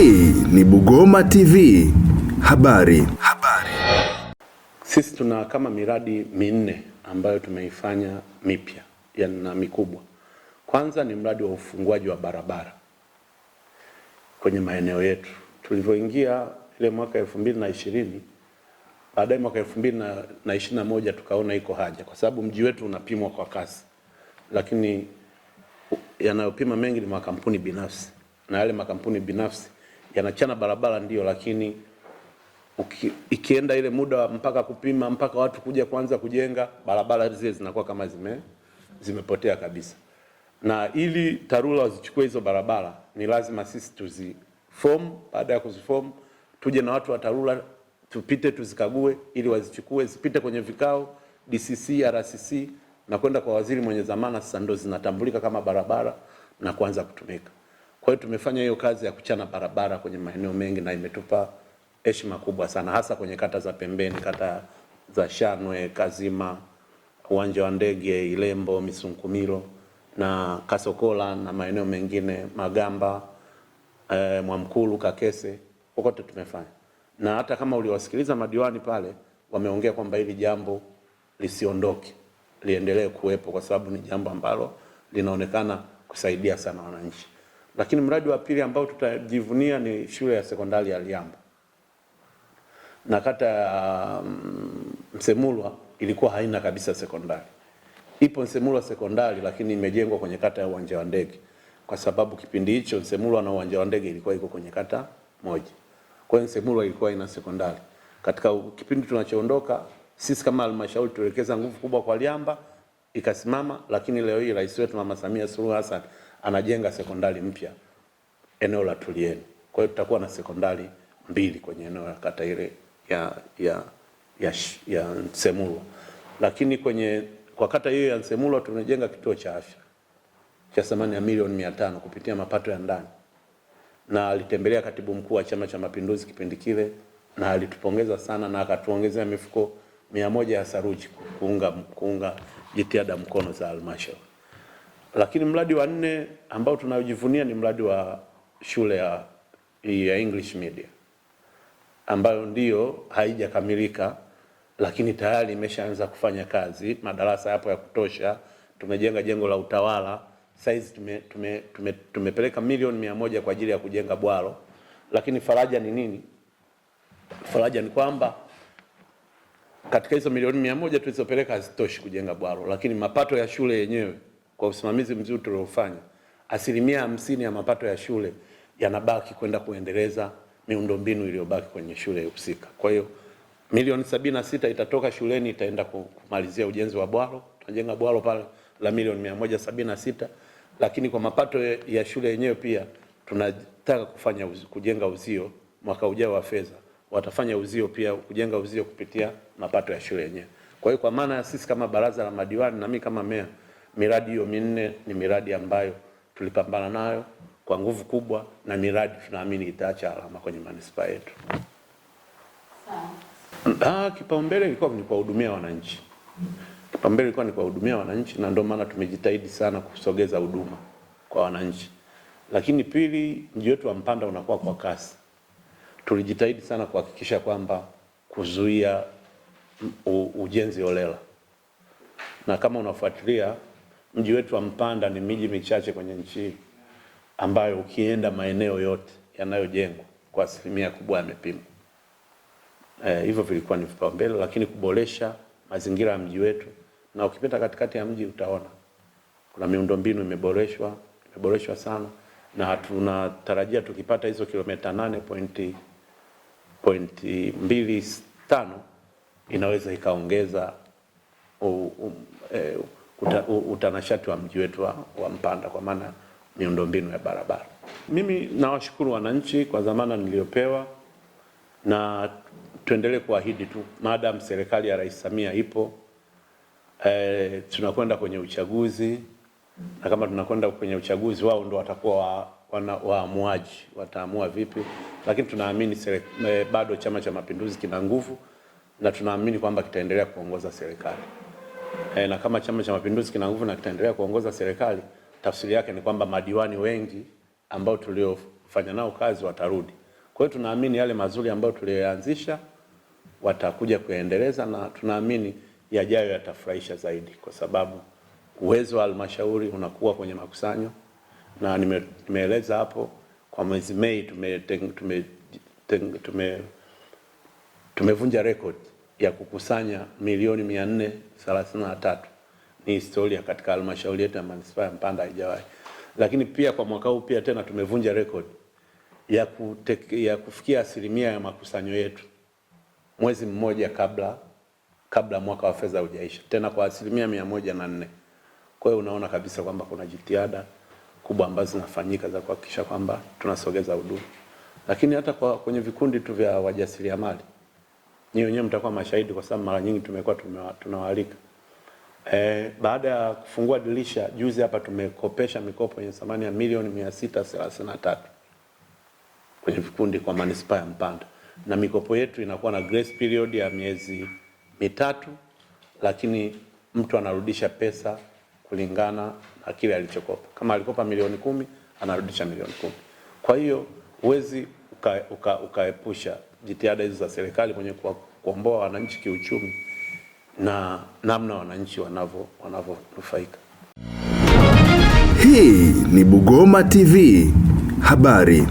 Hii ni Bugoma TV. Habari. Habari. Sisi tuna kama miradi minne ambayo tumeifanya mipya na mikubwa. Kwanza ni mradi wa ufunguaji wa barabara kwenye maeneo yetu. Tulivyoingia ile mwaka elfu mbili na ishirini baadaye mwaka elfu mbili na ishirini na moja tukaona iko haja, kwa sababu mji wetu unapimwa kwa kasi, lakini yanayopima mengi ni makampuni binafsi na yale makampuni binafsi yanachana barabara ndio, lakini uki, ikienda ile muda mpaka kupima mpaka watu kuja kuanza kujenga barabara zile zinakuwa kama zime zimepotea kabisa, na ili TARURA wazichukue hizo barabara ni lazima sisi tuziform. Baada ya kuziform, tuje na watu wa TARURA tupite tuzikague, ili wazichukue zipite kwenye vikao DCC, RCC na kwenda kwa waziri mwenye zamana. Sasa ndo zinatambulika kama barabara na kuanza kutumika. Kwa hiyo tumefanya hiyo kazi ya kuchana barabara kwenye maeneo mengi na imetupa heshima kubwa sana, hasa kwenye kata za pembeni, kata za Shanwe, Kazima, uwanja wa ndege Ilembo, Misunkumiro na Kasokola na maeneo mengine Magamba, eh, Mwamkulu, Kakese, kokote tumefanya. Na hata kama uliwasikiliza madiwani pale, wameongea kwamba hili jambo lisiondoke, liendelee kuwepo kwa sababu ni jambo ambalo linaonekana kusaidia sana wananchi. Lakini mradi wa pili ambao tutajivunia ni shule ya sekondari ya Liamba na kata ya um, Msemulwa ilikuwa haina kabisa sekondari. Ipo Msemulwa sekondari, lakini imejengwa kwenye kata ya uwanja wa ndege, kwa sababu kipindi hicho Msemulwa na uwanja wa ndege ilikuwa iko kwenye kata moja. Kwa hiyo Msemulwa ilikuwa ina sekondari. Katika kipindi tunachoondoka sisi kama halmashauri tuelekeza nguvu kubwa kwa Liamba, ikasimama. Lakini leo hii rais wetu Mama Samia Suluhu Hassan anajenga sekondari mpya eneo la Tulieni. Kwa hiyo tutakuwa na sekondari mbili kwenye eneo la kata ile ya ya ya, ya ya Nsemulwa. Lakini kwenye kwa kata hiyo ya Nsemulwa tumejenga kituo cha afya cha thamani ya milioni mia tano kupitia mapato ya ndani, na alitembelea katibu mkuu wa Chama cha Mapinduzi kipindi kile na alitupongeza sana na akatuongezea mifuko mia moja ya saruji kuunga, kuunga jitihada mkono za halmashauri. Lakini mradi wa nne ambao tunaojivunia ni mradi wa shule ya, ya English Media ambayo ndiyo haijakamilika lakini tayari imeshaanza kufanya kazi. Madarasa yapo ya kutosha, tumejenga jengo la utawala saizi tume, tume, tume, tumepeleka milioni mia moja kwa ajili ya kujenga bwalo. Lakini faraja ni nini? Faraja ni kwamba katika hizo milioni mia moja tulizopeleka hazitoshi kujenga bwalo, lakini mapato ya shule yenyewe kwa usimamizi mzuri tuliofanya, asilimia hamsini ya mapato ya shule yanabaki kwenda kuendeleza miundombinu iliyobaki kwenye shule husika. Kwa hiyo milioni sabini na sita itatoka shuleni itaenda kumalizia ujenzi wa bwalo. Tunajenga bwalo pale la milioni mia moja sabini na sita lakini kwa mapato ya shule yenyewe pia tunataka kufanya uzi, kujenga uzio mwaka ujao wa fedha watafanya uzio pia kujenga uzio kupitia mapato ya shule yenyewe. Kwa hiyo kwa maana sisi kama baraza la madiwani na mimi kama meya Miradi hiyo minne ni miradi ambayo tulipambana nayo kwa nguvu kubwa, na miradi tunaamini itaacha alama kwenye manispaa yetu. Ah, kipaumbele ilikuwa ni kuwahudumia wananchi, kipaumbele ilikuwa ni kuwahudumia wananchi, na ndio maana tumejitahidi sana kusogeza huduma kwa wananchi. Lakini pili, mji wetu wa Mpanda unakuwa kwa kasi, tulijitahidi sana kuhakikisha kwamba kuzuia ujenzi holela, na kama unafuatilia Mji wetu wa Mpanda ni miji michache kwenye nchi ambayo ukienda maeneo yote yanayojengwa kwa asilimia kubwa yamepimwa. Eh, hivyo vilikuwa ni vipaumbele, lakini kuboresha mazingira ya mji wetu, na ukipita katikati ya mji utaona kuna miundombinu imeboreshwa, imeboreshwa sana, na tunatarajia tukipata hizo kilomita nane pointi pointi mbili tano inaweza ikaongeza um, eh, uta, utanashati wa mji wetu wa Mpanda kwa maana miundombinu ya barabara. Mimi nawashukuru wananchi kwa dhamana niliyopewa na tuendelee kuahidi tu maadamu serikali ya Rais Samia ipo. E, tunakwenda kwenye uchaguzi na kama tunakwenda kwenye uchaguzi, wao ndio watakuwa wa, waamuaji, wataamua vipi, lakini tunaamini e, bado Chama cha Mapinduzi kina nguvu na tunaamini kwamba kitaendelea kuongoza serikali e, na kama Chama cha Mapinduzi kina nguvu na kitaendelea kuongoza serikali, tafsiri yake ni kwamba madiwani wengi ambao tuliofanya nao kazi watarudi. Kwa hiyo tunaamini yale mazuri ambayo tuliyoanzisha watakuja kuendeleza, na tunaamini yajayo yatafurahisha zaidi, kwa sababu uwezo wa halmashauri unakuwa kwenye makusanyo, na nimeeleza hapo kwa mwezi Mei tumevunja tume, tume, tume rekodi ya kukusanya milioni mia nne thelathini na tatu ni historia katika halmashauri yetu ya manispaa ya Mpanda haijawahi. Lakini pia kwa mwaka huu pia tena tumevunja rekodi ya, ya kufikia asilimia ya makusanyo yetu mwezi mmoja kabla kabla mwaka wa fedha hujaisha, tena kwa asilimia mia moja na nne. Kwa hiyo unaona kabisa kwamba kuna jitihada kubwa ambazo zinafanyika za kuhakikisha kwamba tunasogeza huduma, lakini hata kwa kwenye vikundi tu vya wajasiriamali Nyinyi wenyewe mtakuwa mashahidi kwa sababu mara nyingi tumekuwa tunawaalika. E, baada ya kufungua dirisha juzi hapa tumekopesha mikopo yenye thamani ya milioni mia sita thelathini na tatu kwenye vikundi kwa manispaa ya Mpanda, na mikopo yetu inakuwa na grace period ya miezi mitatu, lakini mtu anarudisha pesa kulingana na kile alichokopa. Kama alikopa milioni kumi anarudisha milioni kumi. Kwa hiyo huwezi ukaepusha uka, uka jitihada hizi za serikali kwenye kuwakomboa wananchi kiuchumi na namna wananchi wanavyonufaika. Hii ni Bugoma TV habari.